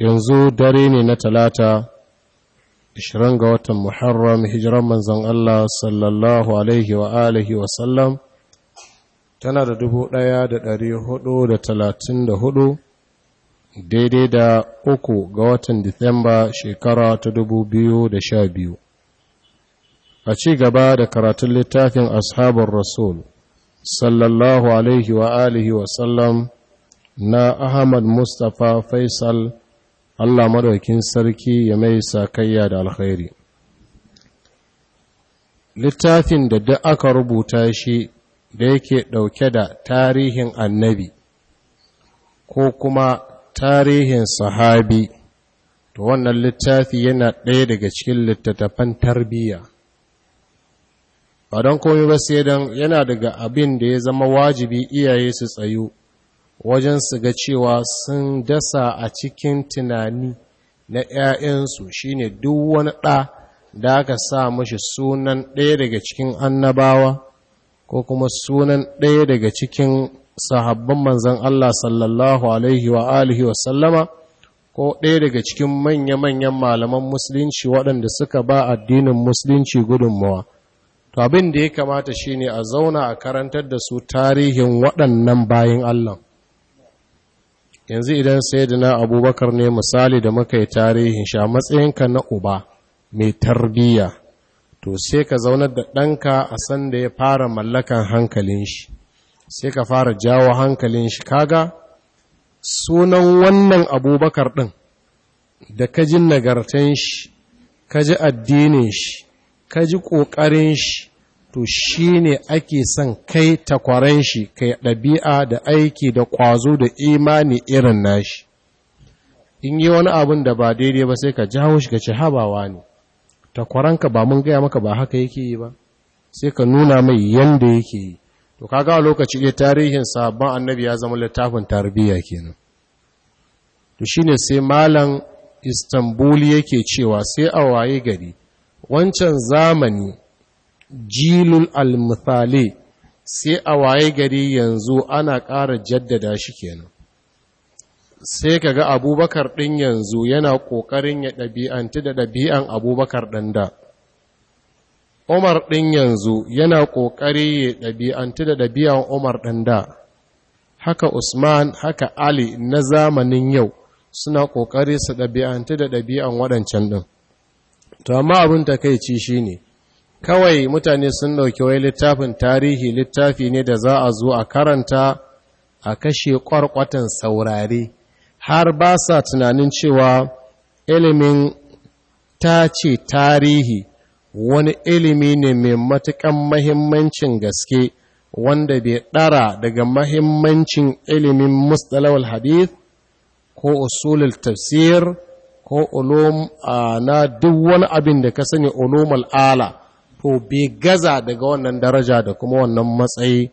yanzu dare ne na talata 20 ga watan muharram hijiran manzan Allah sallallahu alaihi wa alihi wa sallam tana da 1434 daidai da uku ga watan disamba shekara ta 2012 a ci gaba da karatun littafin ashabar rasul sallallahu alaihi wa alihi wa sallam na ahmad mustapha faisal Allah madaukin sarki ya mai sakayya da alkhairi littafin da duk aka rubuta shi da yake ɗauke da tarihin annabi ko kuma tarihin sahabi to wannan littafi yana ɗaya daga cikin littattafan tarbiyya ba don komai ba sai don yana daga abin da ya zama wajibi iyaye su tsayu wajen su ga cewa sun dasa a cikin tunani na ‘ya'yansu shine duk wani ɗa da aka sa mashi sunan ɗaya daga cikin annabawa ko kuma sunan ɗaya daga cikin sahabban manzan Allah sallallahu Alaihi wa alihi ko ɗaya daga cikin manya-manyan malaman musulunci waɗanda suka ba addinin musulunci gudunmawa. To abin da ya kamata shine a zauna a karantar da su tarihin waɗannan bayan Allah. yanzu idan sayyidina abubakar ne misali da muka yi tarihin sha, matsayinka na uba mai tarbiyya to sai ka zaunar da ɗanka a sanda ya fara mallakan hankalin shi sai ka fara jawo hankalin shi kaga sunan wannan abubakar ɗin da ka ji nagartan shi ka ji addinin shi ka ji ƙoƙarin shi to shi ne ake son kai takwaran shi kai ɗabi'a da aiki da ƙwazo da imani irin nashi in yi wani abin da ba daidai ba sai ka jawo shi ka ce habawa ne takwaranka ba mun gaya maka ba haka yake yi ba sai ka nuna mai yanda yake yi to kaga a lokaci ne tarihin sabon annabi ya zama littafin tarbiyya kenan to shine sai malam istanbul yake cewa sai a waye gari wancan zamani jilul al-mithali sai a waye gari yanzu ana ƙara jaddada shi kenan sai ka ga abubakar ɗin yanzu yana ƙoƙarin ya ɗabi'anti da ɗabi'an abubakar ɗan da umar ɗin yanzu yana ƙoƙari ya ɗabi'anti da ɗabi'an umar ɗan da haka usman haka ali na zamanin yau suna ƙoƙari su ɗabi'anti da ɗabi'an waɗancan ɗin to amma abin takaici ne. kawai mutane sun ɗauki wai littafin tarihi littafi ne da za a zo a karanta a kashe kwarkwatan saurare har ba sa tunanin cewa ilimin ta ce tarihi wani ilimi ne mai matukan mahimmancin gaske wanda bai ɗara daga mahimmancin ilimin mustalawal hadith ko usulul tafsir ko ulum na duk wani abin da ka sani ulumul ala to bai gaza daga wannan daraja da kuma wannan matsayi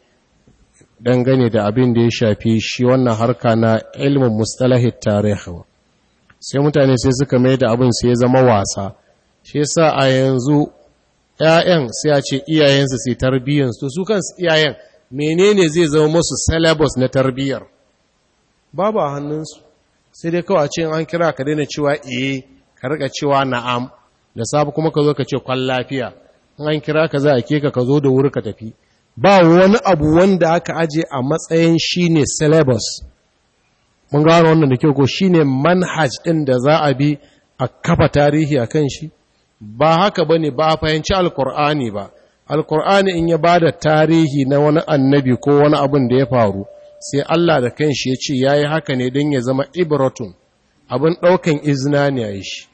dangane da abin da ya shafi shi wannan harka na ilmin mustalahi tarihi sai mutane sai suka mai da abin sai ya zama wasa shi sa a yanzu 'ya'yan sai a ce iyayensu sai tarbiyyarsu to su kansu iyayen menene zai zama musu syllabus na tarbiyyar babu a hannunsu sai dai kawai a ce an kira ka daina cewa eh ka riƙa cewa na'am da safe kuma ka zo ka ce kwan lafiya an kira ka za a ke ka zo da wuri ka tafi ba wani abu wanda aka aje a matsayin shine syllabus mun gano wannan da kyau ko shine manhaj ɗin da za a bi a kafa tarihi a kan shi ba haka ba ne ba fahimci alkur'ani ba alkur'ani in ya ba da tarihi na wani annabi ko wani abin da ya faru sai allah da kanshi shi ya ce ya yi haka ne don ya zama ibratun abin ɗaukan izina ne a yi shi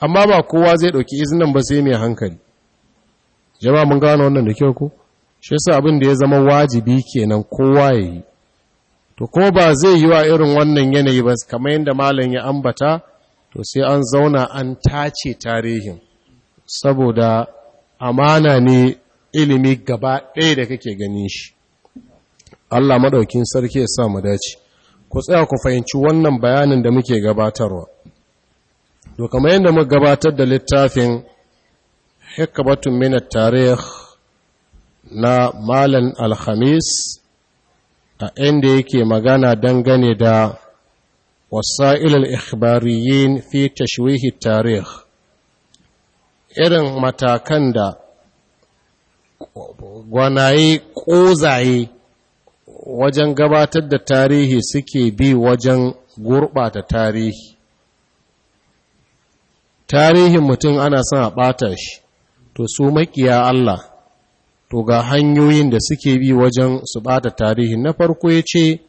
amma ba kowa zai ɗauki izinan ba sai mai hankali jama'a mun gano wannan da kyau ko shi yasa abin da ya zama wajibi kenan kowa yayi to ko ba zai yi wa irin wannan yanayi ba kamar yadda malam ya ambata to sai an zauna an tace tarihin saboda amana ne ilimi gaba ɗaya da kake ganin shi Allah maɗaukin sarki ya sa mu dace ku tsaya ku fahimci wannan bayanin da muke gabatarwa to kamar yadda muka gabatar da littafin hikmatun min tarih na Malam alhamis a inda yake magana dangane da wasa'il al-ikhbariyin fi tashwihi tarih irin matakan da gwanaye ƙozaye wajen gabatar da tarihi suke bi wajen gurɓata tarihi tarihin mutum ana son a ɓata shi to su makiya Allah to ga hanyoyin da suke bi wajen su bata tarihi na farko ya ce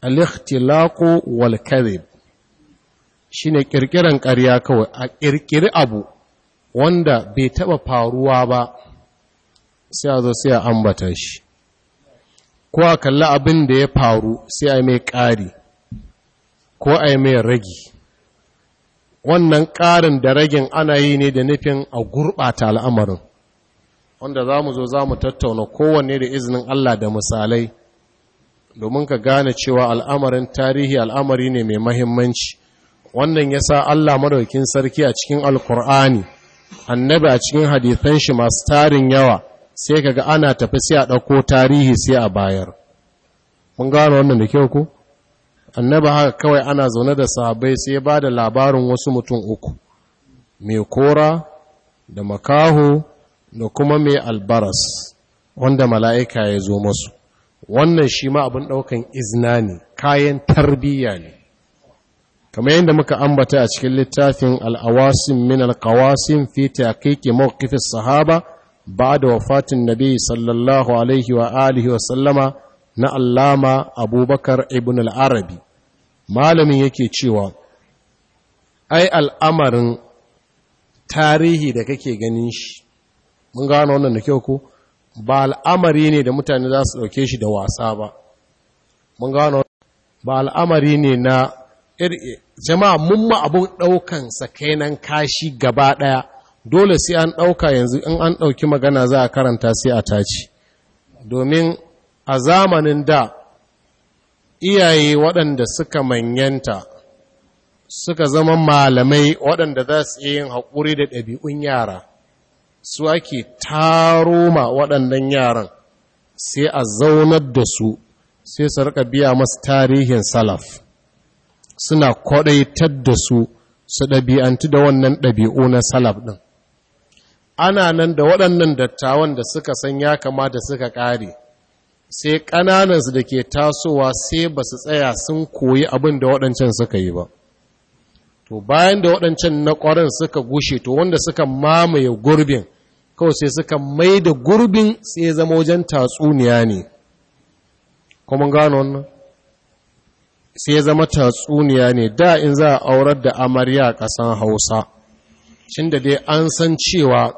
al-ikhtilaqu wal kadhib shine kirkiran ƙarya kawai a kirkiri abu wanda bai taba faruwa ba sai a zo sai a ambata shi ko a kalli abin da ya faru sai a mai ƙari ko a mai ragi wannan ƙarin da ragin ana yi ne da nufin a gurɓata al'amarin wanda za mu zo za mu tattauna kowanne da izinin Allah da misalai domin ka gane cewa al'amarin tarihi al'amari ne mai mahimmanci wannan ya sa Allah maɗaukin sarki a cikin alkur'ani annabi a cikin hadithan shi masu tarin yawa sai kaga ana tafi sai a ɗauko tarihi sai a bayar mun gane wannan da kyau ko annaba haka kawai ana zaune da sahabbai sai ba da labarin wasu mutum uku mai kora da makaho da kuma mai albaras wanda mala'ika ya zo masu wannan shi ma abin ɗaukan izna ne kayan tarbiyya ne kamar yadda muka ambata a cikin littafin al'awasin min alkawasin ke taƙiƙi mawakifin sahaba ba da wafatin nabi sallallahu alaihi wa alihi wa sallama na allama abubakar ibn al'arabi malamin yake cewa ai al'amarin tarihi da kake ganin shi mun gano wannan da kyau ko ba al'amari ne da mutane za su dauke shi da wasa ba mun gano ba al'amari ne na jama'a mun ma abun ɗaukan sakainan kashi gaba ɗaya dole sai an ɗauka yanzu in an ɗauki magana za a karanta sai a taci domin a zamanin da iyaye waɗanda suka manyanta suka zama malamai waɗanda za su yi yin haƙuri da ɗabi'un yara su ake taro ma waɗannan yaran sai a zaunar da su sai su rika biya masu tarihin salaf suna kwaɗaitar da su su ɗabi'antu da wannan ɗabi'u na salaf ɗin ana nan da waɗannan dattawan da suka san ya kamata suka ƙare sai ƙananansu da ke tasowa sai ba su tsaya sun koyi abin da waɗancan suka yi ba to bayan da waɗancan na ƙwarin suka gushe to wanda suka mamaye gurbin kawai sai suka mai da gurbin sai zama wajen tatsuniya ne kuma gano wannan sai zama tatsuniya ne da in za a aurar da amarya ƙasan hausa cin da dai an san cewa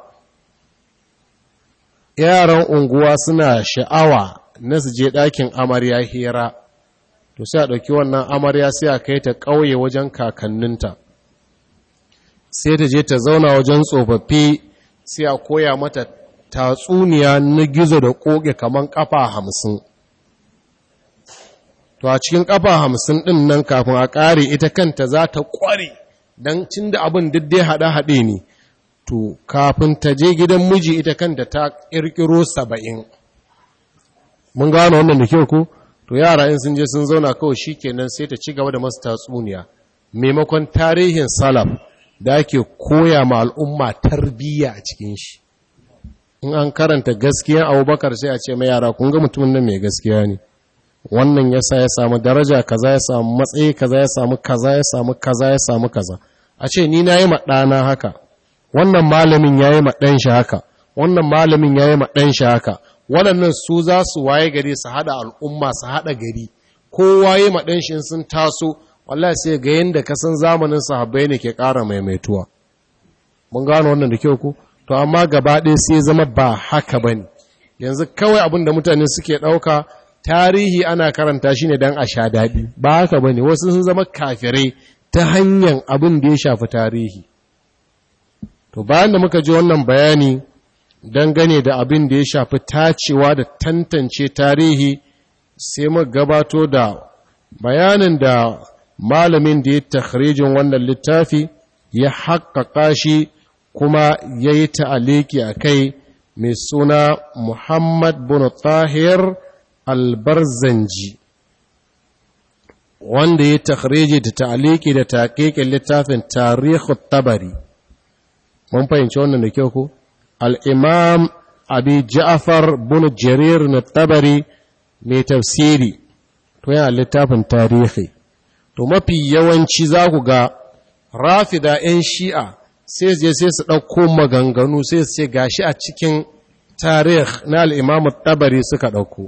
yaran unguwa suna sha'awa na su je ɗakin amarya hira to sai a ɗauki wannan amarya sai a kai ta ƙauye wajen kakanninta sai ta je ta zauna wajen tsofaffi sai a koya mata tatsuniya na gizo da ƙoƙe kamar ƙafa hamsin to a cikin ƙafa hamsin ɗin nan kafin a ƙare ita kanta za ta ƙware don cin da abin diddai haɗe-haɗe ne to kafin ta je gidan miji ita kanta ta ƙirƙiro saba'in mun gano wannan da kyau ko to yara in sun je sun zauna kawai shikenan sai ta ci gaba da masu tatsuniya maimakon tarihin salaf da ake koya ma al'umma tarbiyya a cikin shi in an karanta gaskiya abubakar sai a ce mai yara kun ga mutumin nan mai gaskiya ne wannan ya sa ya samu daraja kaza ya samu matsayi kaza ya samu kaza ya samu kaza ya samu kaza a ce ni na yi maɗana haka wannan malamin ya yi haka wannan malamin ya yi maɗan shi haka waɗannan su za su waye gari su haɗa al'umma su haɗa gari kowa yi maɗanshin sun taso wallah sai ga yadda kasan zamanin sahabbai ne ke ƙara maimaituwa mun gano wannan da kyau ku to amma gaba ɗaya sai zama ba haka ba ne yanzu kawai abin da mutane suke ɗauka tarihi ana karanta shi ne don a sha daɗi ba haka ba ne wasu sun zama kafirai ta hanyar abin da ya shafi tarihi to bayan da muka ji wannan bayani dangane da abin da ya shafi tacewa da tantance tarihi sai mu gabato da bayanin da malamin da ya takhrijin wannan littafi ya haƙaƙa shi kuma ya yi ta'aliki a kai mai suna Muhammad bin Tahir Albarzanji wanda ya takhriji da ta'aliki da taƙiƙin littafin tarihi tabari mun fahimci wannan da kyau ko? al'imam abi ja'afar bin jarir na tabari mai tafsiri to yana littafin tarihi to mafi yawanci za ku ga rafida 'yan shi'a sai je su ɗauko maganganu sai su ce gashi a cikin tarih na al'imamu tabari suka ɗauko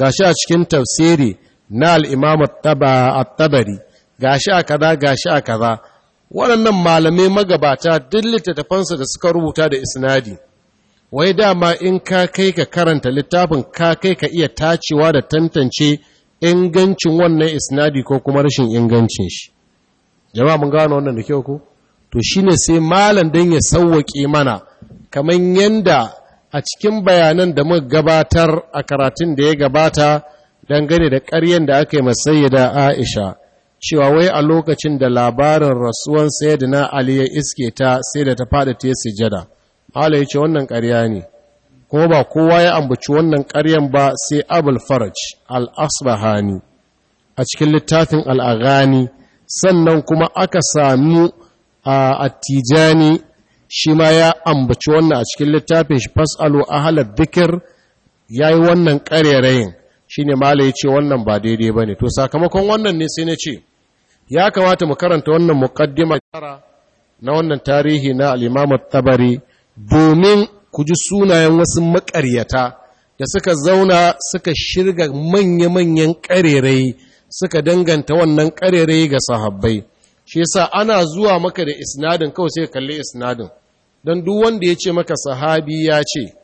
gashi a cikin tafsiri na al'imamu tabari gashi a kaza gashi a kaza waɗannan malamai magabata duk littattafansa da suka rubuta da isnadi wai dama in ka kai ka karanta littafin ka kai ka iya tacewa da tantance ingancin wannan isnadi ko kuma rashin ingancin shi jama'a mun gano wannan da kyau ko to shine sai malam dan ya sauwake mana kaman yanda a cikin bayanan da muka gabatar a karatun da ya gabata dangane da ƙaryen da aka yi masayyada Aisha cewa wai a lokacin da labarin rasuwan sayyidina Ali ya iske ta sai da ta fada ta yi sujada Allah ce wannan karya ne kuma ba kowa ya ambaci wannan ƙaryan ba sai Abul Faraj Al-Asbahani a cikin littafin al sannan kuma aka sami a Attijani shi ma ya ambaci wannan a cikin littafin shi Fasalu Ahlad Dhikr yayi wannan ƙarerayin shine mala ya ce wannan ba daidai ba ne to sakamakon wannan ne sai na ce ya kamata mu karanta wannan muqaddima na wannan tarihi na al-Imam tabari domin ku ji sunayen wasu makaryata da suka zauna suka shirga manya-manyan karerai suka danganta wannan karerai ga sahabbai shi yasa ana zuwa maka da isnadin kawai sai kalli isnadin don duk wanda ya ce maka sahabi ya ce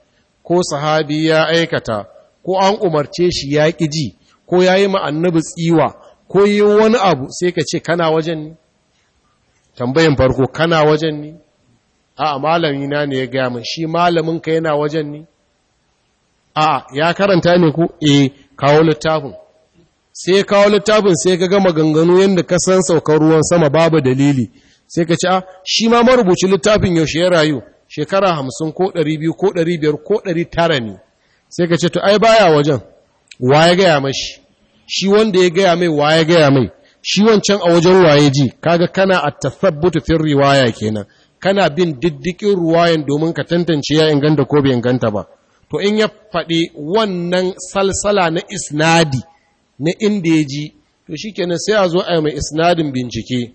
ko sahabi ya aikata ko an umarce shi ya ƙi ji ko ya yi ma'annabi tsiwa ko yi wani abu sai ka ce kana wajen ni tambayin farko kana wajen ni a malami na ne ya gaya min shi malamin ka yana wajen ni a ya karanta ne ko eh kawo littafin sai kawo littafin sai ka gama ganganu yadda ka san saukar ruwan sama babu dalili sai ka ce a ah, shi ma marubuci littafin yaushe ya rayu shekara hamsin ko ɗari biyu ko ɗari biyar ko ɗari tara ne sai ka ce to ai baya wajen wa ya gaya mashi shi wanda ya gaya mai wa ya gaya mai shi wancan a wajen waye ji kaga kana a tasabbutu fin riwaya kenan kana bin diddikin ruwayan domin ka tantance ya inganta ko bai inganta ba to in ya faɗi wannan salsala na isnadi na inda ya ji to shikenan sai a zo a mai isnadin bincike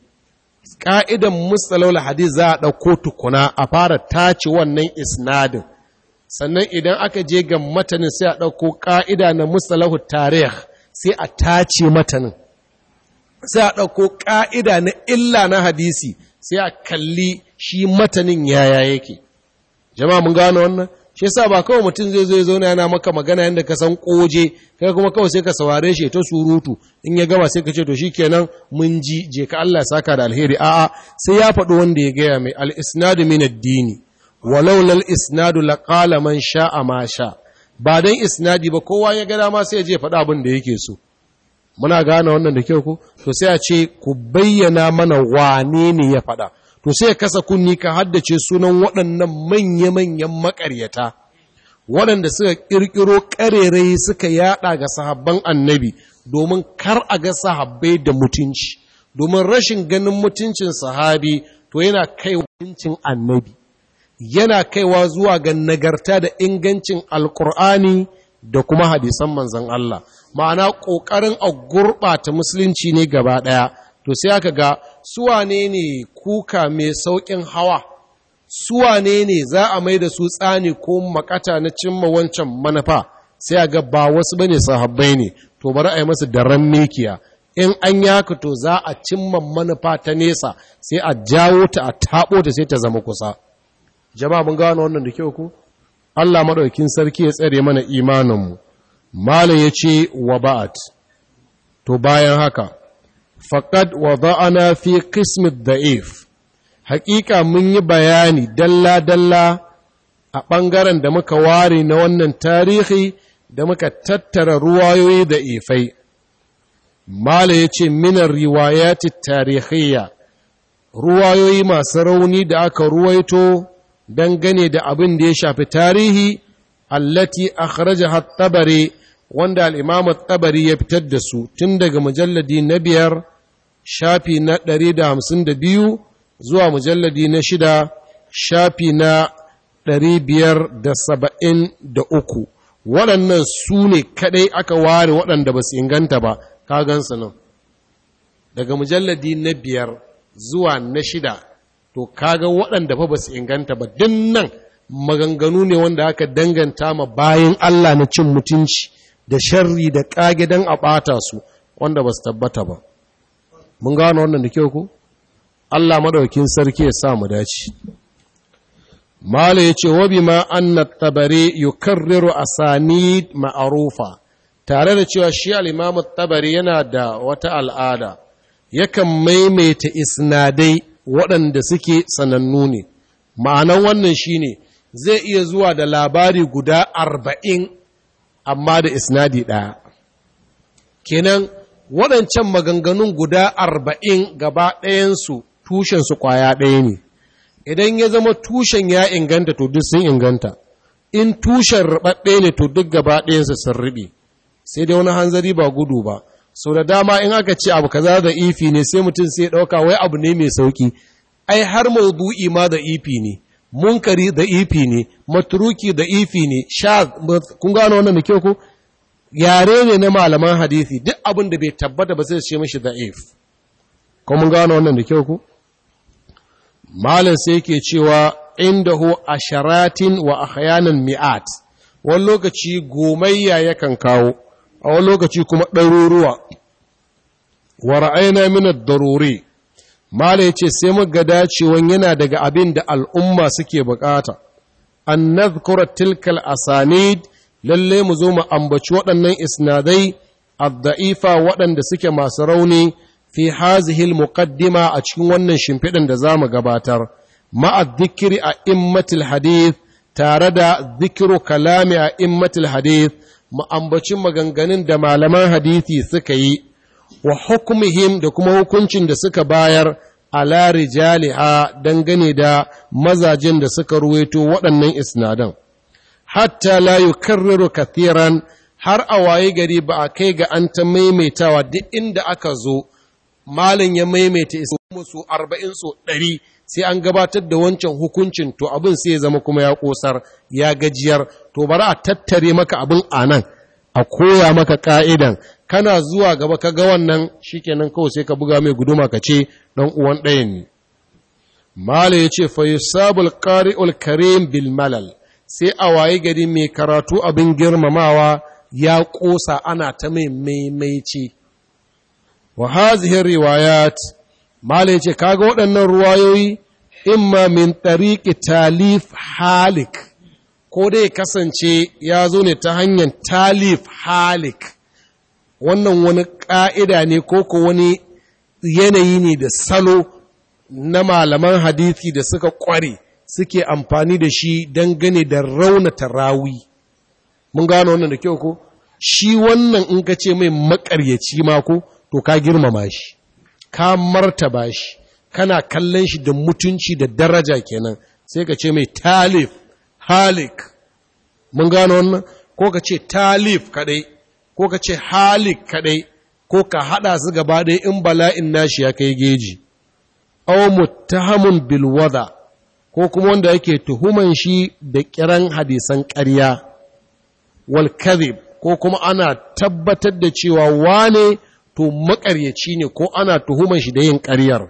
ka'idan mustalawul hadith za a ɗauko tukuna a fara tace wannan isnadin sannan idan aka je ga matanin sai a ɗauko ƙa'ida na mustalahut tarih sai a tace matanin sai a ɗauko ƙa'ida na illa na hadisi sai a kalli shi matanin yaya yake jama'a mun gano wannan shi sa ba kawai mutum zai zai zauna yana maka magana yadda ka san koje kai kuma kawai sai ka saware shi ta surutu in ya gama sai ka ce to shi nan mun ji je ka Allah saka da alheri a'a sai ya faɗo wanda ya gaya mai al-isnadu min ad-dini walau lal isnadu laqala man sha'a ma sha ba don isnadi ba kowa ya gada ma sai ya je faɗa abin da yake so muna gane wannan da kyau ku to sai a ce ku bayyana mana wane ne ya faɗa to sai kasa kunni ka haddace sunan waɗannan manya-manyan makaryata waɗanda suka ƙirƙiro ƙarerai suka yaɗa ga sahabban annabi domin kar a ga sahabbai da mutunci domin rashin ganin mutuncin sahabi to yana kai mutuncin annabi yana kaiwa zuwa ga nagarta da ingancin alkur'ani da kuma hadisan manzan Allah ma'ana ƙoƙarin a gurɓata musulunci ne gaba ɗaya to sai aka ga suwa ne kuka mai sauƙin hawa suwa ne za a mai da su tsani ko makata na cimma wancan manufa sai a ga ba wasu ba ne sahabbai ne to bari a yi masu daren mikiya in an yaka to za a cimma manufa ta nesa sai a jawo ta a taɓo ta sai ta zama kusa jama'a mun gano wannan da kyau ku Allah maɗaukin sarki ya tsare mana imaninmu malam yace wa ba'at to bayan haka faqad wada'ana fi da da'if haƙiƙa mun yi bayani dalla dalla a ɓangaren da muka ware na wannan tarihi da muka tattara ruwayoyi da ifai mala ya ce minar tarihiyya ruwayoyi masu rauni da aka ruwaito dangane da abin da ya shafi tarihi allati akhrajaha at-tabari wanda al-imam at-tabari ya fitar da su tun daga mujalladi na biyar shafi na 152 zuwa mujalladi na shida shafi na 573 waɗannan su ne kaɗai aka ware waɗanda ba su inganta ba ka gansu nan daga mujalladi na biyar zuwa na shida to kaga waɗanda fa ba su inganta ba nan, maganganu ne wanda aka danganta ma bayan Allah na cin mutunci da sharri da kage dan a ɓata su wanda ba su tabbata ba mun gano wannan da kyau ko Allah madaukin sarki ya sa mu dace mala yace wa bima anna tabari yukarriru asanid ma'rufa tare da cewa shi al-imam tabari yana da wata al'ada yakan maimaita isnadai waɗanda suke sanannu ne ma'anan wannan shine zai iya zuwa da labari guda arba'in amma da isnadi ɗaya kenan waɗancan maganganun guda arba'in gaba ɗayansu tushensu ƙwaya ɗaya ne idan ya zama tushen ya inganta to duk sun inganta in tushen ruɓaɓɓe ne to duk gaba ɗayansu sun riɓe sai dai wani hanzari ba gudu ba sau da dama in aka ce abu kaza da ifi ne sai mutum sai ɗauka wai abu ne mai sauki ai har maudu'i ma da ifi ne munkari da ifi ne maturuki da ifi ne sha kun gano wannan da kyau ko yare ne na malaman hadisi duk abin da bai tabbata ba sai ce mishi if ko mun gano wannan da kyau ko malam sai yake cewa indahu asharatin wa ahyanan mi'at wani lokaci gomayya yakan kawo a wani lokaci kuma ɗaruruwa wa ra'ayna min ad ya yace sai muka dacewan yana daga abin da al'umma suke bukata an kura tilka a asanid lalle mu zo mu ambaci waɗannan isnadai a daifa waɗanda suke masu rauni fi hazihi muqaddima a cikin wannan shimfiɗin da za mu gabatar ma'a a immatil hadith tare da zikiru kalami a immatil hadith ma'ambacin maganganun da malaman hadithi suka yi wa hukumihim da kuma hukuncin da suka bayar a ala rijaliha dangane da mazajen da suka ruwaito waɗannan isnadan hatta la karriru kathiran har a waye gari ba a kai ga an ta maimaitawa duk inda aka zo malin ya maimaita isu musu arba'in so ɗari sai an gabatar da wancan hukuncin to abin sai ya zama kuma ya kosar ya gajiyar to bari a tattare maka abin anan a koya maka ka'idan kana zuwa gaba ka ga wannan shikenan kawai sai ka buga mai guduma ka ce dan uwan ɗayan ne mala yace fa yusabul qari'ul karim bil malal sai a waye gari mai karatu abin girmamawa ya kosa ana ta mai maimaici wa riwayat mala ya ce kaga waɗannan ruwayoyi imma min tariqi talif halik ko dai kasance ya zo ne ta hanyar talif halik wannan wani ƙa'ida ne ko ko wani yanayi ne da salo na malaman hadithi da suka ƙware suke amfani da shi don gane da raunata rawi mun gano wannan da kyau ko shi wannan in ka ce mai makaryaci mako? to ka girmama shi ka martaba shi kana kallon shi da mutunci da daraja kenan sai ka ce mai talif halik mun gano wannan ko ka ce talif kadai ko ka ce halik kadai ko ka hada su gaba ɗaya in bala'in nashi ya kai geji aw muttahamun bil wada ko kuma wanda yake tuhuman shi da kiran hadisan ƙarya wal kadhib ko kuma ana tabbatar da cewa wane to makaryaci ne ko ana tuhuman shi da yin ƙaryar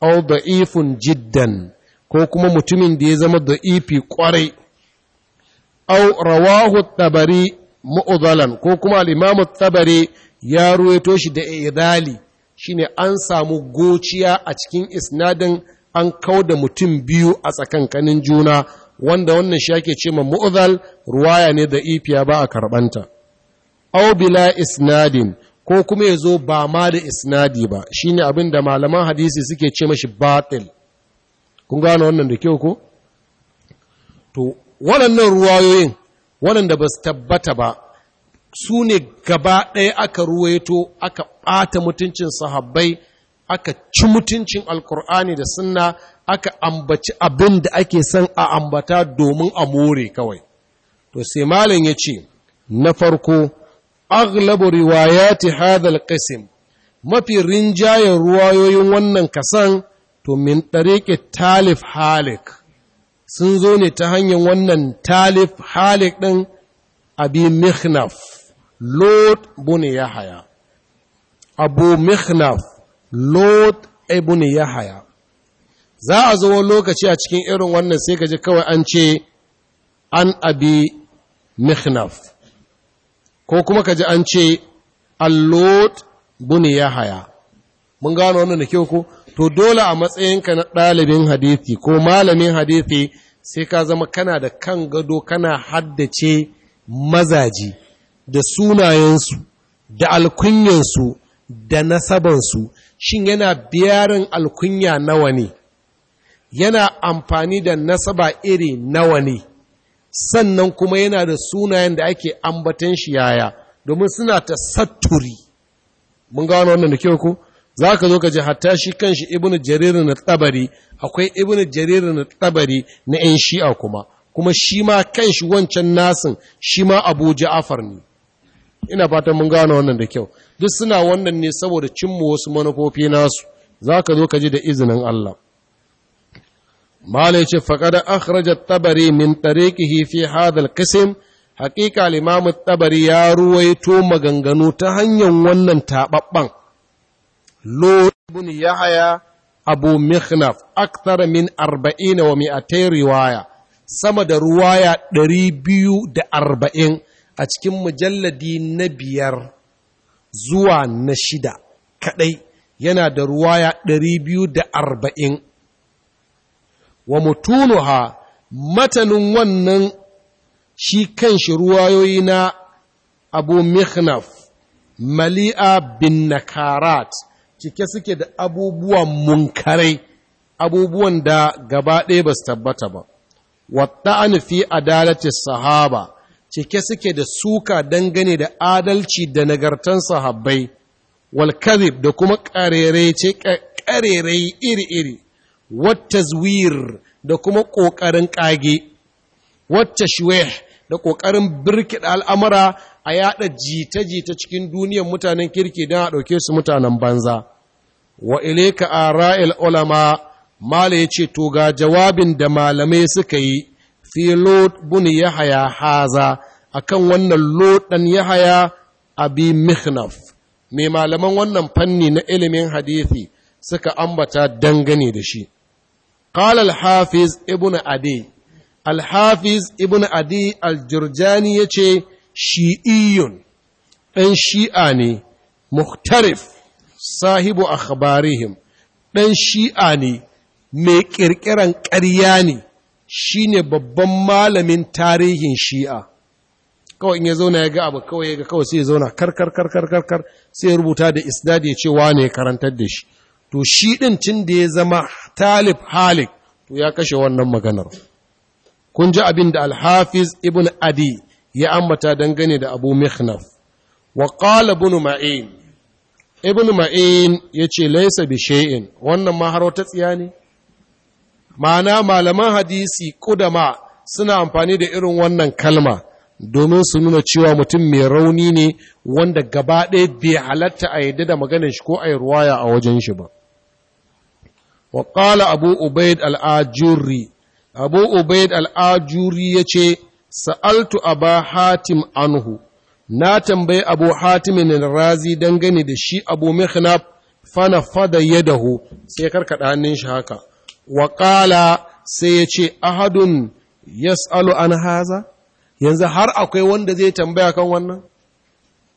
au da ifin jiddan ko kuma mutumin da ya zama da ifi ƙwarai au rawahu tabari mu'udalan ko kuma al'imamu tabari ya ruwaito shi da idali ne an samu gociya a cikin isnadin an kau da mutum biyu a tsakankanin juna wanda wannan shi ake ce ma ruwaya ne da ifiya ba a karbanta Au bila isnadin ko kuma ya zo ba ma da isnadi ba shi ne abin da malaman hadisi suke ce mashi batil kun gano wannan da kyau ko to waɗannan ruwayoyin waɗanda ba su tabbata ba su ne gaba ɗaya aka ruwaito aka ɓata mutuncin sahabbai aka ci mutuncin alkur'ani da sunna aka ambaci abin da ake son a ambata domin a more kawai to sai malam ya ce na farko aglabu riwayati hadal qasim mafi rinjayen ruwayoyin wannan kasan to min tariqi talif halik sun zo ne ta hanyar wannan talif halik din abi mihnaf lot bune yahaya abu za a zama lokaci a cikin irin wannan sai ka kawai an ce an abi mihnaf ko kuma ka ji an ce allot bune ya haya mun gano wannan da kyau ko to dole a matsayinka na ɗalibin hadithi ko malamin hadithi sai ka zama kana da kan gado kana haddace mazaji da sunayensu da alkunyansu da nasabansu shin yana biyarin alkunya nawa ne yana amfani da nasaba iri nawa ne sannan kuma yana da sunayen da ake ambatan shi yaya domin suna ta satturi mun gano wannan da kyau ko za ka zo ka ji hatta shi kanshi ibnu jarir na tsabari akwai ibnu jarir na tsabari na yan shi'a kuma kuma shi ma kanshi wancan nasin shi ma abu ja'afar ne ina fatan mun gano wannan da kyau duk suna wannan ne saboda cimma wasu manufofi nasu za ka zo ka ji da izinin Allah mala yace faqad akhraja at-tabari min tariqihi fi hadha al-qism haqiqa al-imam at-tabari ya ruwaito maganganu ta hanyar wannan tababban lo ibn yahya abu mikhnaf akthar min 40 wa 200 riwaya sama da ruwaya ɗari biyu da arba'in a cikin mujalladi na biyar zuwa na shida kadai yana da ruwaya ɗari biyu da arba'in. wa ha matanin wannan shi kan shi ruwayoyi na abu mihnaf mali'a bin nakarat cike suke da abubuwan munkarai abubuwan da gaba ɗaya ba su tabbata ba wadda'an fi adalati sahaba cike suke da suka dangane da adalci da nagartan sahabbai wal da kuma ƙarerai iri-iri wata zuwir da kuma ƙoƙarin ƙage, wata shuwe da ƙoƙarin birkiɗa al'amura a yaɗa jita-jita cikin duniyar mutanen kirki don a ɗauke su mutanen banza. Wa ileka a ra'il ulama, Mala ya ce, To ga jawabin da malamai suka yi, fi Lod ya Yahaya haza, a kan wannan Lod ɗan Yahaya abi Mihnaf, mai malaman wannan fanni na ilimin hadithi suka ambata dangane da shi. قال الحافظ ابن عدي الحافظ ابن عدي الجرجاني يتي شيئي ɗan shi'a ne muhtarif sahibu akhbarihim ɗan shi'a ne mai ƙirƙiran ƙarya ne shi ne babban malamin tarihin shi'a kawai in ya zauna ya ga abu kawai ya ga kawai sai ya zauna karkar karkar karkar sai ya rubuta da isnadi ya ce wa ne ya karantar da shi to shi ɗin tun da ya zama talib halik to ya kashe wannan maganar kun ji abin da alhafiz ibn adi ya ambata dangane da abu mihnaf wa qala ibn ma'in ibn ma'in yace laysa bi shay'in wannan ma har wata tsiya ne ma'ana malaman hadisi kudama suna amfani da irin wannan kalma domin su nuna cewa mutum mai rauni ne wanda gaba ɗaya bai halatta a yadda da maganar shi ko a yi ruwaya a wajen shi ba. wa qala abu ubaid al-ajuri abu ubaid al-ajuri yace sa'altu aba hatim anhu na tambayi abu hatimin razi dangane da shi abu mihnab fana fada yadahu sai karkada hannun shi haka wa qala sai yace ahadun yas'alu an haza yanzu har akwai wanda zai tambaya kan wannan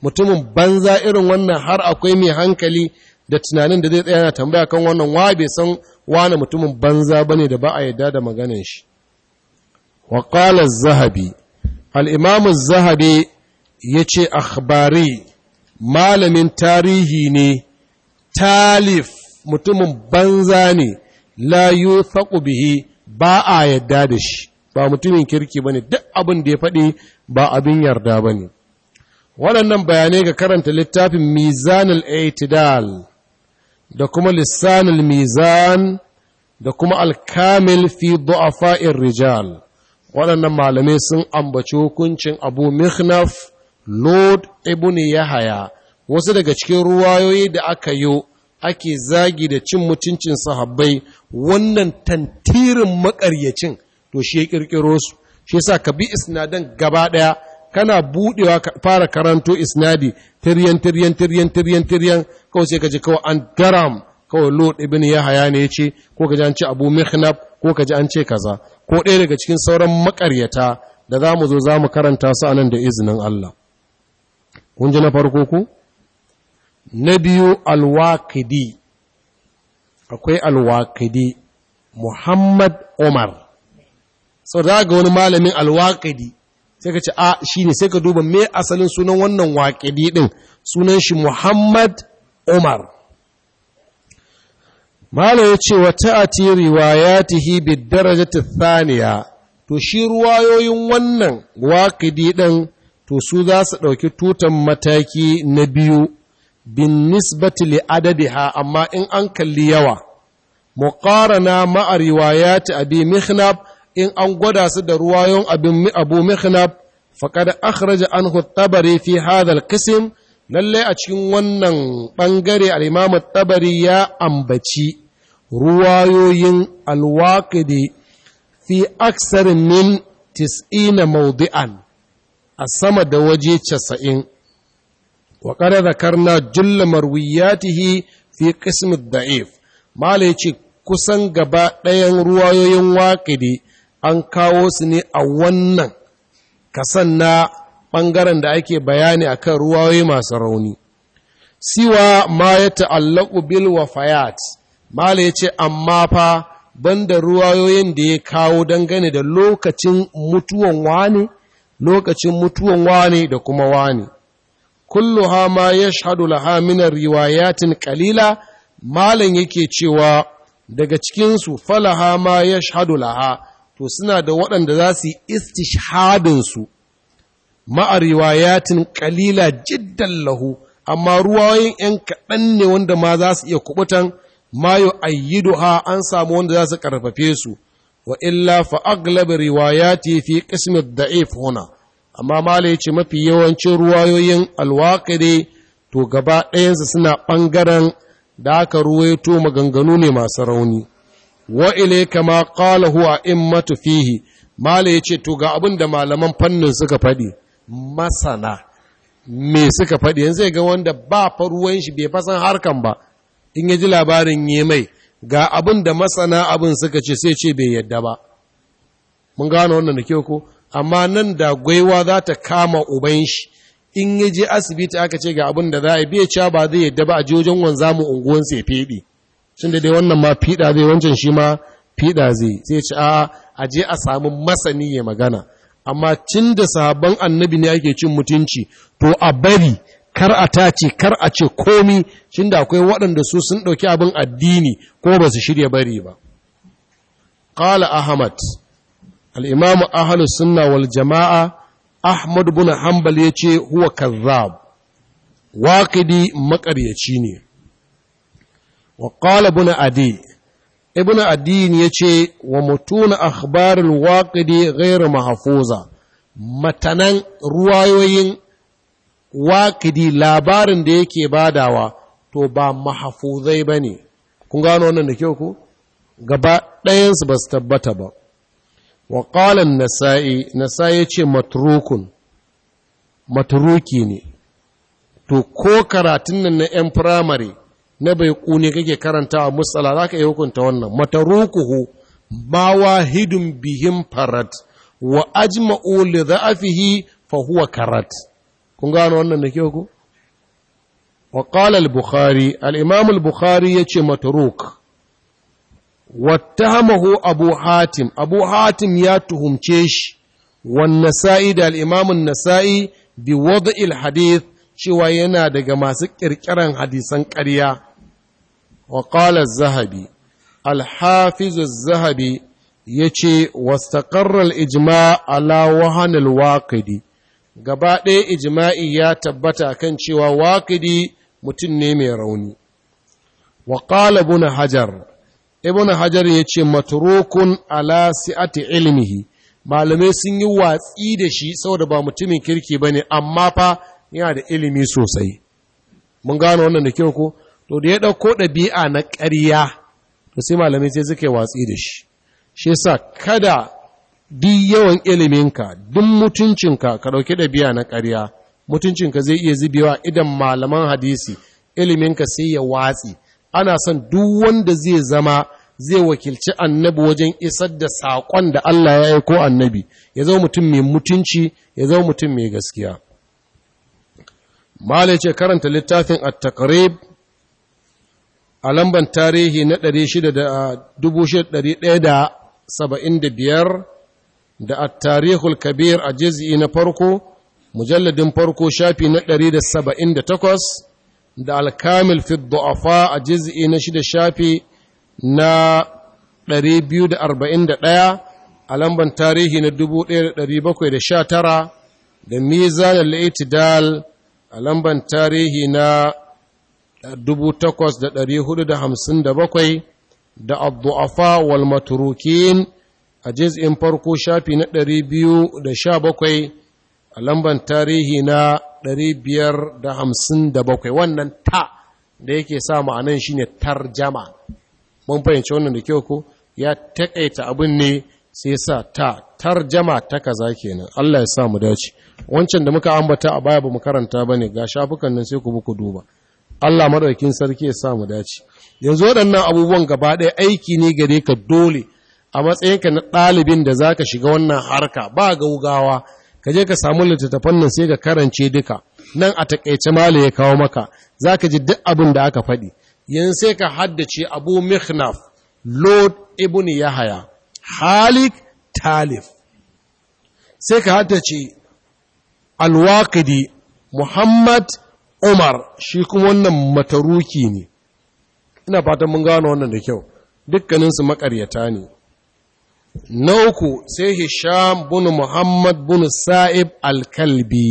mutumin banza irin wannan har akwai mai hankali da tunanin da zai tsaya na tambaya kan wannan wa bai san wani mutumin banza bane da ba a yadda da maganin shi wa qala az-zahabi al-imam az-zahabi yace akhbari malamin tarihi ne talif mutumin banza ne la yuthaqu bihi ba a yadda da shi ba mutumin kirki bane duk abin da ya faɗi ba abin yarda bane waɗannan bayanai ga karanta littafin mizanul itidal da kuma lissanul mizan da kuma alkamil fi du'afa'ir rijal waɗannan malamai sun ambaci hukuncin abu mihnaf lord ibn yahaya wasu daga cikin ruwayoyi da aka yi ake zagi da cin mutuncin sahabbai wannan tantirin makaryacin to shi ya kirkiro su shi yasa ka bi isnadan gaba ɗaya kana budewa fara karanto isnadi tiryan tiryan tiryan tiryan tiryan kawai sai kaji kawai an garam kawai lord ibn yahaya ne yace ko kaji an ce abu mihnab ko kaji an ce kaza ko ɗaya daga cikin sauran makaryata da za mu zo za mu karanta su anan da izinin Allah kun ji na farko ku na biyu alwaqidi akwai alwaqidi Muhammad Umar so da ga wani malamin alwaqidi sai ka ce a shi ne sai ka duba me asalin sunan wannan waƙidi ɗin sunan shi Muhammad Umar Mala ya ce wa ta'ati ta hibe darajar thaniya to shi ruwayoyin wannan waƙidi ɗin to su za su ɗauki tutan mataki na biyu bin nisbati li adadiha amma in an kalli yawa muqarana ma'a a abi mihnab in an gwada su da ruwayon abu mihnab faƙada akhraja an tabari fi hadal kisim lallai a cikin wannan ɓangare al'imamu tabari ya ambaci ruwayoyin alwaƙidi fi aksar min tis'ina maudi'an a sama da waje casa'in wa da karna julla marwiyatihi fi kismin da'if mala ce kusan gaba ɗayan ruwayoyin waƙidi an kawo su ne a wannan kasan na ɓangaren da ake bayani a kan ruwaye masu rauni siwa ma ya ta'allaku bil wafayat mala ya ce amma fa banda ruwayoyin da ya kawo dangane da lokacin mutuwan wani lokacin mutuwan wani da kuma wani ha ma yashhadu laha min riwayatin ƙalila malam yake cewa daga cikinsu su falaha ma laha to suna da waɗanda za su yi istishhadinsu ma'ariwayatin kalila jiddan lahu amma ruwayoyin 'yan kaɗan ne wanda ma za su iya kubutan mayo ayyidu ha an samu wanda za su ƙarfafe su wa illa fa aglab riwayati fi da da'if huna amma mala yace mafi yawancin ruwayoyin alwaqidi to gaba ɗayansa suna ɓangaren da aka ruwaito maganganu ne masu rauni wa ile kama qala huwa immatu fihi mala yace to ga abin da malaman fannin suka faɗi masana me suka faɗi yanzu ga wanda ba faruwan shi bai fasan harkan ba in ya ji labarin yi mai ga abin da masana abin suka ce sai ce bai yadda ba mun gano wannan da kyau ko amma nan da gwaiwa za ta kama uban shi in ya je asibiti aka ce ga abin da za a biya ca ba zai yadda ba a jojon wanzamu unguwan sai ya Sun da dai wannan ma fiɗa zai wancan shi ma fiɗa zai sai ci a je a samu masani ya magana amma cin da sahabban annabi ne ake cin mutunci to a bari kar a tace kar a ce komi cin da akwai waɗanda su sun ɗauki abin addini ko ba su shirya bari ba Ƙala ahmad al-imam ahlu sunna wal jamaa ahmad hambal hanbal yace huwa kazzab waqidi maƙaryaci ne wa qala ibn adi ibn adi ya ce wa mutun akhbarul waqidi ghairu mahfuza matanan ruwayoyin waƙidi labarin da yake badawa to ba mahafuzai ba ne kun gano wannan da kyau ku gaba ɗayansu ba su tabbata ba wa ƙalan nasa'i nasa'i ce matrukun matruki ne to ko karatun nan na 'yan firamare na bai kune kake a musala za ka yi hukunta wannan matarukuhu wa hidun bihin farat wa ajma'u li dha'fihi fa fahuwa karat kun gano wannan da ke hukun wa kala al-bukhari al-imam al-bukhari yace wata wattahamahu abu hatim abu hatim ya tuhumce shi wannan Sa'i da al na Sa'i nasai bi wadda il hadith cewa yana daga masu ƙirƙirar hadisan ƙarya wa zahabi Alhafizu zahabi yace wastaqarra al-ijma' ala wahan al gaba ɗaya ijima'i ya tabbata kan cewa waqidi mutum ne mai rauni wa qala ibn hajar ibn hajar yace maturokun ala si'ati ilimi, malamai sun yi watsi da shi saboda ba mutumin kirki bane amma fa yana da ilimi sosai mun gano wannan da kyau ko to da ya ɗauko ɗabi'a na ƙarya to sai malamai sai suke watsi da shi shi sa kada duk yawan iliminka duk mutuncinka ka ɗauki ɗabi'a na ƙarya mutuncinka zai iya zubewa idan malaman hadisi iliminka sai ya watsi ana son duk wanda zai zama zai wakilci annabi wajen isar da saƙon da Allah ya yi ko annabi ya zama mutum mai mutunci ya zama mutum mai gaskiya Malai ce karanta littafin at a lamban tarihi na 1175 da a tarihul kabir a juz'i na farko mujalladin farko shafi na 178 da al-kamil fi du'afa a juz'i na shida shafi na 241 a lamban tarihi na 1719 da mizan al-i'tidal a lamban tarihi na 8,457 da abdu'afa wal maturukin a jiz'in farko shafi na 217 a lamban tarihi na 557 wannan ta da yake sa ma'anan shine tarjama mun fahimci wannan da kyau ko ya taƙaita abin ne sai sa ta tarjama ta kaza kenan Allah ya sa mu dace wancan da muka ambata a baya ba mu karanta ba ne, ga shafukan nan sai ku buku duba Allah madaukin sarki ya samu dace yanzu waɗannan abubuwan gaba ɗaya aiki ne gare ka dole a matsayinka na ɗalibin da zaka shiga wannan harka ba gaugawa ka je ka samu littattafan nan sai ka karance duka nan a takaice mali ya kawo maka zaka ji duk abin da aka faɗi yanzu sai ka haddace Abu Mikhnaf Lord ibn Yahaya Halik Talif sai ka haddace Al-Waqidi Muhammad Umar shi kuma wannan mataruki ne, ina fatan mun gano wannan da kyau, dukkaninsu makaryata ne. Na uku sai Hisham bunu Muhammad bunu Sa’ib Alkalbi.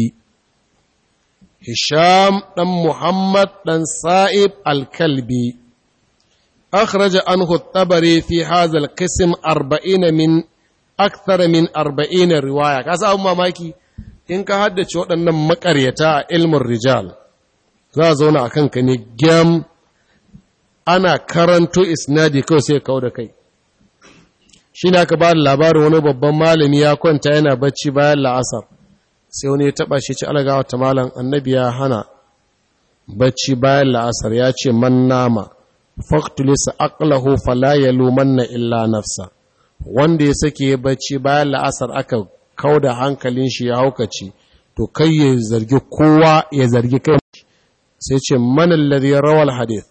Hisham ɗan Muhammad ɗan Sa’ib Alkalbi. Akhraja an tabari fi hazal kisim arba'ina min akthar min arba'ina riwaya. Ka sa mamaki in ka haddace waɗannan makaryata ilmin rijal. za a zauna a kanka ne gyam ana karanto isnadi kawai sai kawo da kai shi ne aka ba da labarin wani babban malami ya kwanta yana bacci bayan la'asar sai wani ya taba shi ci alagawa ta malam annabi ya hana bacci bayan la'asar ya ce man nama faktulisa aqlahu fala na illa nafsa wanda ya sake bacci bayan la'asar aka da hankalin shi ya haukaci to kai ya zargi kowa ya zargi kai sai ce manan ladhi rawar hadith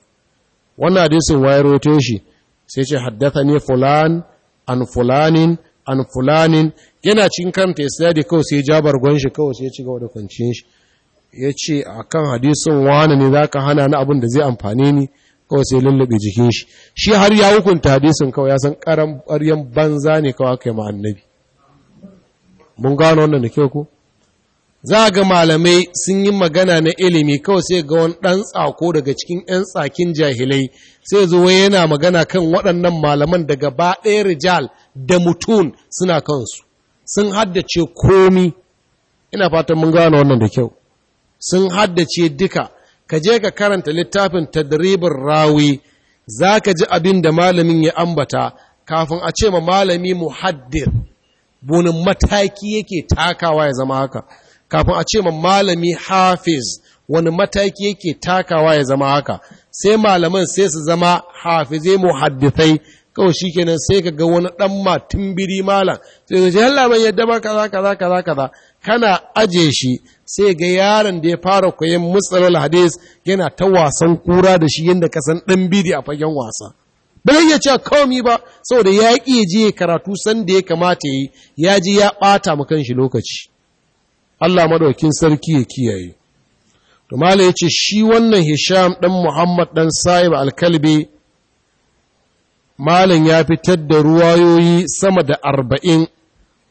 wannan hadisin waye roto shi sai ce ne fulan an fulanin an fulanin yana cin kanta ya sadi kawai sai jabar gwanshi kawai sai ci gaba da kwanciyar shi ya ce a kan hadisin wani ne za ka hana ni abin da zai amfani ni kawai sai lullube jikin shi shi har ya hukunta hadisin kawai ya san karan ƙaryan banza ne kawai aka yi mun gano wannan da kyau ku za ga malamai sun yi magana na ilimi kawai sai ga wani ɗan tsako daga cikin 'yan tsakin jahilai sai zo yana magana kan waɗannan malaman daga ba ɗaya rijal da mutum suna kansu sun haddace komi ina fatan mun gano wannan da kyau sun haddace duka ka je ka karanta littafin tadribin rawi za ka ji abin da malamin ya ambata kafin a ce ma malami muhaddir bunin mataki yake takawa ya zama haka kafin a ce ma malami hafiz wani mataki yake takawa ya zama haka sai malaman sai su zama hafizai muhaddithai kawai kenan sai ka ga wani dan matin biri malam sai zai ce yalla yadda ba kaza kaza kaza kaza kana aje shi sai ga yaron da ya fara koyon musalal hadis yana ta wasan kura da shi yadda ka san ɗan biri a fagen wasa bai ya ce kawai ba saboda ya ƙi je karatu sanda ya kamata yi ya ji ya ɓata mu kan shi lokaci Allah madaukin sarki ya kiyaye to mala yace shi wannan Hisham dan Muhammad ɗan Sa'ib al-Kalbi malam ya fitar da ruwayoyi sama da arba'in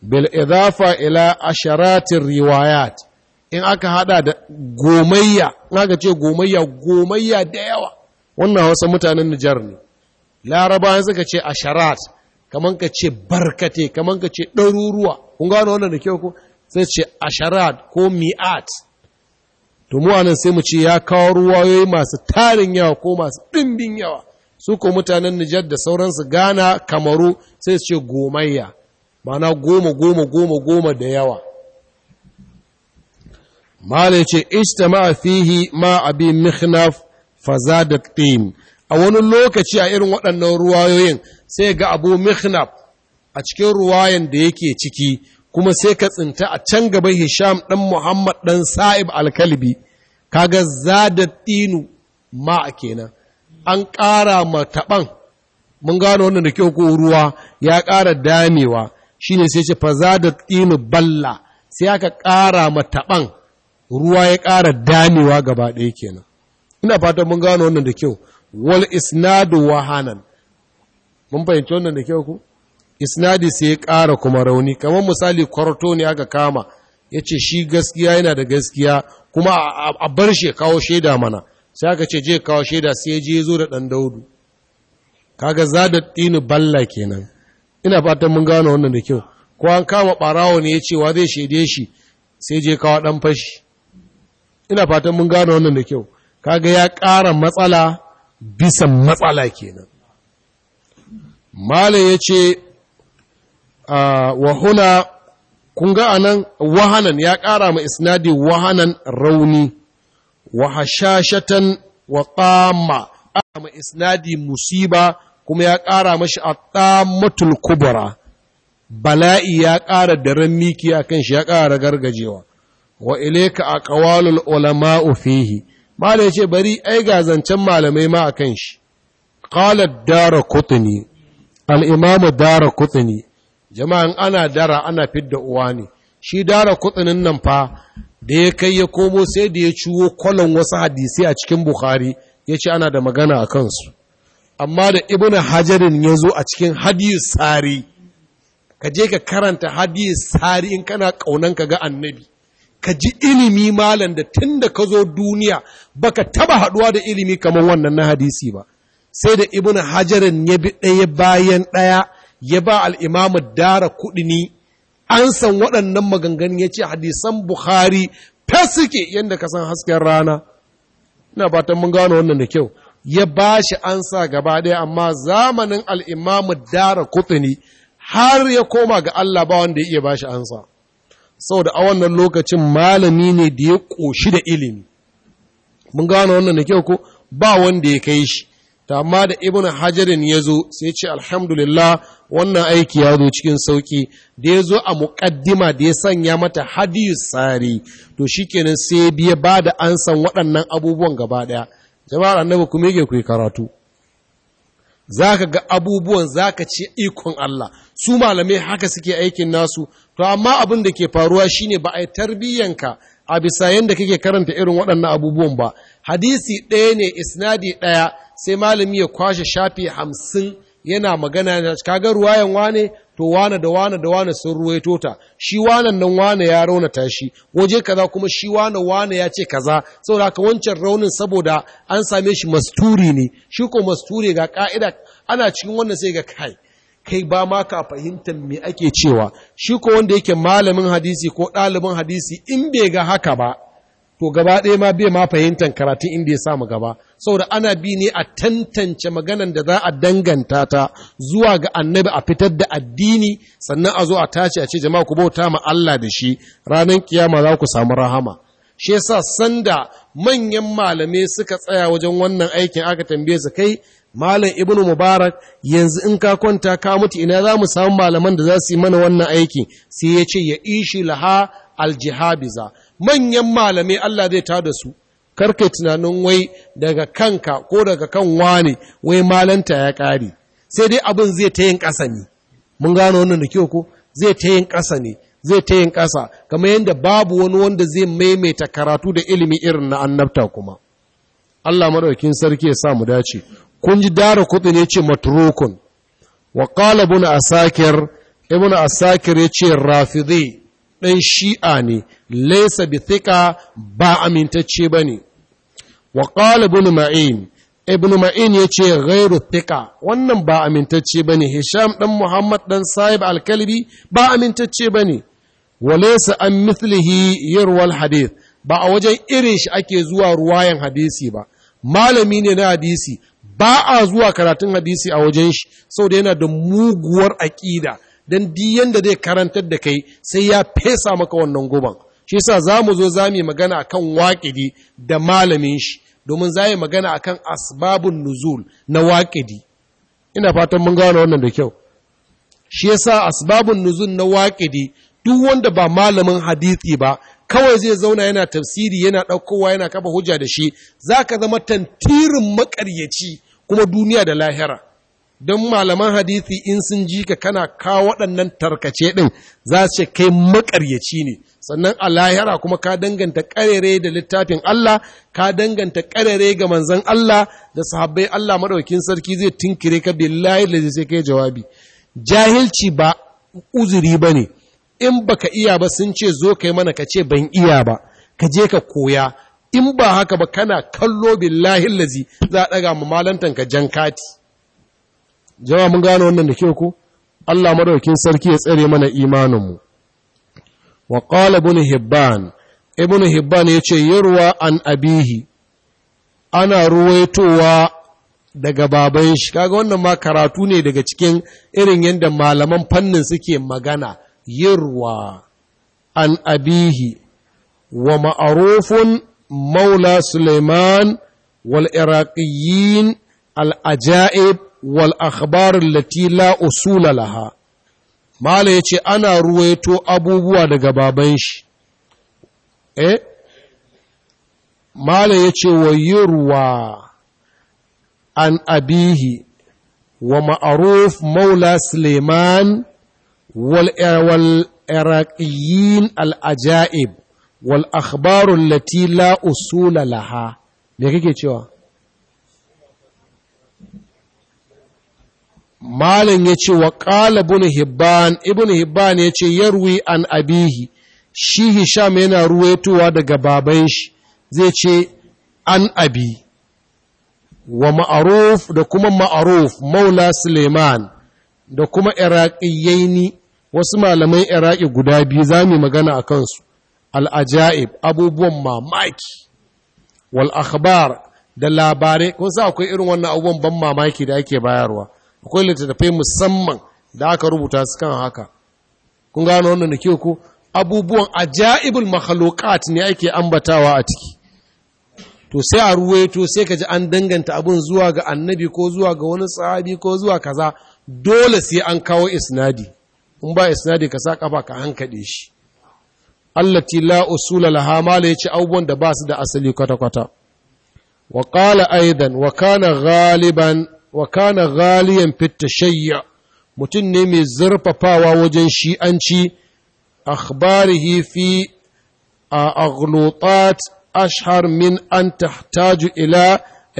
bil idafa ila asharatin riwayat in aka hada da gomayya in aka ce gomayya gomayya da yawa wannan wasu mutanen Nijar ne yanzu ka ce asharat kaman ka ce barkate kaman ka ce ɗaruruwa kun gano wannan da kyau ko sai ce asharad ko mi'at to mu sai mu ce ya kawo ruwayoyi masu tarin yawa ko masu ɗimbin yawa su ko mutanen Nijar da sauransu Gana Kamaru sai su ce gomayya mana goma goma goma goma da yawa Mala ce istama fihi ma abi mihnaf fazadat qim a wani lokaci a irin waɗannan ruwayoyin sai ga abu mihnaf a cikin ruwayan da yake ciki kuma sai ka tsinta a can gaba Hisham ɗan Muhammad ɗan Sa'ib Alkalibi, kaga zada tinu ma a kenan, an ƙara ma taɓan, mun gano wannan da kyau ko ruwa ya ƙara damewa, shi ne sai ce fa zada tinu balla, sai aka ƙara ma taɓan ruwa ya ƙara damewa gaba ɗaya kenan. Ina fatan mun gano wannan da kyau, wal isnadu wahanan. Mun fahimci wannan da kyau ku? isnadi sai ya ƙara kuma rauni kamar misali kwarto ne aka kama ya ce shi gaskiya yana da gaskiya kuma a bar shi kawo shaida mana sai aka ce je kawo shaida sai je zo da ɗan daudu kaga za da tini balla kenan ina fatan mun gano wannan da kyau ko an kama ɓarawo ne ya ce wa zai shaide shi sai je kawo ɗan fashi ina fatan mun gano wannan da kyau kaga ya ƙara matsala bisan matsala kenan Malam ya ce Ah, wa huna kun ga anan wahanan ya ƙara ma isnadi wahanan rauni wa hashashatan wa qama ma isnadi musiba kuma ya ƙara mashi at kubra bala'i ya ƙara daren miki akan shi ya ƙara gargajewa wa ilaika aqwalul ulama fihi malai ce bari ai ga zancen malamai ma akan shi qala ad-darqutni al-imam ad-darqutni jama'an ana dara ana fidda uwa ne shi dara kutsinin nan fa da ya kai ya komo sai da ya ciwo kwallon wasu hadisi a cikin bukhari ya ce ana da magana a kansu amma da ibina hajarin ya zo a cikin hadis sari ka je ka karanta hadis sari in kana kaunan ka ga annabi ka ji ilimi malam da tun da ka zo duniya baka taba haɗuwa da ilimi kamar wannan na hadisi ba sai da ibina hajarin ya bi ɗaya bayan ɗaya ya ba al'imamu dara kuɗi ni, an san waɗannan maganganu ya ce hadisan Bukhari suke yadda ka san hasken rana. Ina fatan mun gano wannan da kyau, ya ba shi an sa gaba ɗaya amma zamanin al'imamu dara kuɗi ne, har ya koma ga Allah ba wanda ya iya ba shi an sa. Sau da a wannan lokacin malami ne da ya ƙoshi da ilimi. Mun gano wannan da kyau ko ba wanda ya kai shi. ta amma da ibn hajarin ya zo sai ce alhamdulillah wannan aiki ya zo cikin sauki da ya zo a muƙaddima da ya sanya mata hadis sari to shi kenan sai biya ba da an san waɗannan abubuwan gaba ɗaya jama'ar annabi kuma yake ku karatu za ka ga abubuwan za ka ce ikon Allah su malamai haka suke aikin nasu to amma abin da ke faruwa shine ba a yi tarbiyyanka a bisa yadda kake karanta irin waɗannan abubuwan ba hadisi ɗaya ne isnadi ɗaya sai malami ya kwashe shafi hamsin yana magana da kaga ruwayan wane to wane da wane da wane sun ruwaito ta shi wanan nan wane ya raunata shi waje kaza kuma shi wane wane ya ce kaza saboda ka wancan raunin saboda an same shi masturi ne shi ko masturi ga ka'ida ana cikin wannan sai ga kai kai ba ma ka fahimtar me ake cewa shi ko wanda yake malamin hadisi ko ɗalibin hadisi in bai ga haka ba to gaba ɗaya ma bai ma fahimtar karatun inda ya samu gaba saboda ana bi ne a tantance maganan da za a danganta ta zuwa ga annabi a fitar da addini sannan a zo a tace a ce jama'a ku bauta ma Allah da shi Ranan kiyama za ku samu rahama shi yasa sanda manyan malamai suka tsaya wajen wannan aikin aka tambaye su kai malam ibnu mubarak yanzu in ka kwanta ka mutu ina za mu samu malaman da za su yi mana wannan aiki sai ya ce ya ishi laha aljihabiza manyan malamai Allah zai ta da su karka tunanin wai daga kanka ko daga kan wani wai malanta ya ƙare sai dai abin zai ta yin ƙasa ne mun gano wannan da kyau ko zai ta yin ƙasa ne zai ta yin ƙasa kamar yadda babu wani wanda zai maimaita karatu da ilimi irin na annabta kuma Allah madaukin sarki ya sa mu dace kun ji dara kuɗi ne ce matrukun wa qala ibn asakir ya rafidi ɗan shi'a ne laisa bi thika ba amintacce ba ne wa qala ibn ma'in ibn ma'in ya ghairu thika wannan ba amintacce ba hisham ɗan muhammad ɗan sahib al-kalbi ba amintacce ba ne wa laisa an mithlihi yarwal hadith ba a wajen irin shi ake zuwa ruwayan hadisi ba malami ne na hadisi ba a zuwa karatun hadisi a wajen shi saboda yana da muguwar aƙida don diyan da zai karantar da kai sai ya fesa maka wannan goban shi sa za mu zo za mu yi magana kan waƙidi da malamin shi domin za yi magana a kan asbabun nuzul na waƙidi ina fatan mun gano wannan da kyau shi ya sa asbabun nuzul na waƙidi duk wanda ba malamin hadisi ba kawai zai zauna yana tafsiri yana ɗaukowa yana kafa hujja da shi za ka zama tantirin maƙaryaci kuma duniya da lahira don malaman hadithi in sun ji ka kana kawo waɗannan tarkace ɗin za su ce kai maƙaryaci ne sannan a lahira kuma ka danganta ƙarere da littafin Allah ka danganta ƙarere ga manzon Allah da sahabbai Allah maɗaukin sarki zai tinkire ka billahi da sai kai jawabi jahilci ba uzuri ba ne in baka iya ba sun ce zo kai mana ka ce ban iya ba ka je ka koya in ba haka ba kana kallo billahi lazi za a ɗaga mu malantanka jan kati jama mun gano wannan da ke ku. Allah madaukin sarki ya tsare mana imaninmu wa qala ibn hibban ibn hibban yace yarwa an abihi ana ruwaitowa daga baban shi kaga wannan ma karatu ne daga cikin irin yadda malaman fannin suke magana yarwa an abihi wa ma'arufun maula suleiman wal iraqiyyin al ajaib wal Latila lati la usula laha mala yace ana ruwaito abubuwa daga baban shi eh mala yace wayurwa an abihi wa ma'aruf maula suleiman wal e, iraqiyin al ajaib wal akhbarul lati la usula laha me kake cewa malam ya ce wa ƙala ibn hibban ibn hibban ya ce yarwi an abihi shi hisham yana ruwaitowa daga baban shi zai ce an abi wa ma'aruf da kuma ma'aruf maula suleiman da kuma iraqiyaini wasu malamai, iraqi guda biyu za mu magana a kansu al'ajaib abubuwan mamaki wal akhbar da labarai kun sa akwai irin wannan abubuwan ban mamaki da ake bayarwa akwai littattafai musamman da aka rubuta su kan haka kun gano wannan da kyau ko abubuwan ajaibul makhluqat ne ake ambatawa a ciki to sai a ruwaito sai ka an danganta abun zuwa ga annabi ko zuwa ga wani sahabi ko zuwa kaza dole sai an kawo isnadi in ba isnadi ka sa kafa ka hankade shi allati la usula laha mala yace abubuwan da ba su da asali kwata kwata wa qala aidan wa wa kana ghaliyan fit mutum ne mai zurfafawa wajen shi'anci akhbarihi fi aghlutat ashhar min an tahtaju ila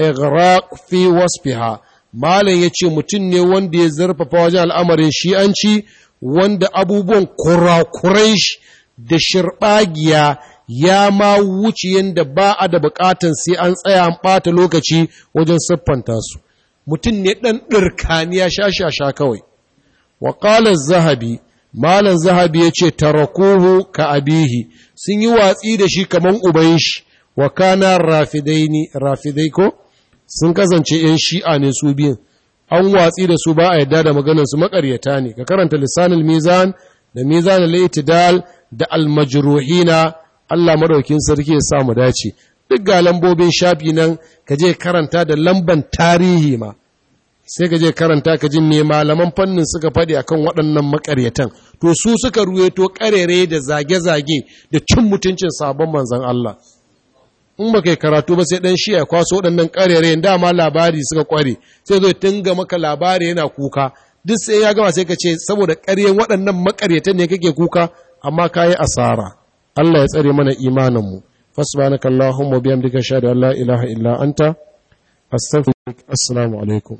ighraq fi wasfiha malam yace mutum ne wanda ya zarfafa wajen al'amarin shi'anci wanda abubuwan kurakurai da shirɓagiya ya ma wuce yanda ba a da buƙatan sai an tsaya an ɓata lokaci wajen siffanta su mutum ne ɗan ɗirkaniya sha-sha-sha kawai wa zahabi malan zahabi ya ce tarakuhu ka abihi sun yi watsi da shi kamar uban shi wa kana rafidaini rafidai ko sun kasance ‘yan shi'a ne su biyan. an watsi da su ba a yadda da maganar su makaryata ne ka karanta lisanin mizan da mizan al-itidal da al-majruhina Allah madaukin sarki ya sa mu dace duk ga lambobin shafi nan ka je karanta da lamban tarihi ma sai ka je karanta ka ji me malaman fannin suka faɗi akan waɗannan makaryatan to su suka ruweto karere da zage-zage da cin mutuncin sabon manzon Allah in ba kai karatu ba sai ɗan shiya ya kwaso waɗannan karere dama labari suka kware sai zai tunga maka labari yana kuka duk sai ya gama sai ka ce saboda ƙaryen waɗannan makaryatan ne kake kuka amma ka yi asara Allah ya tsare mana imaninmu fasbanaka Allahumma biyamdika shahadu an la ilaha illa anta astaghfiruka assalamu alaikum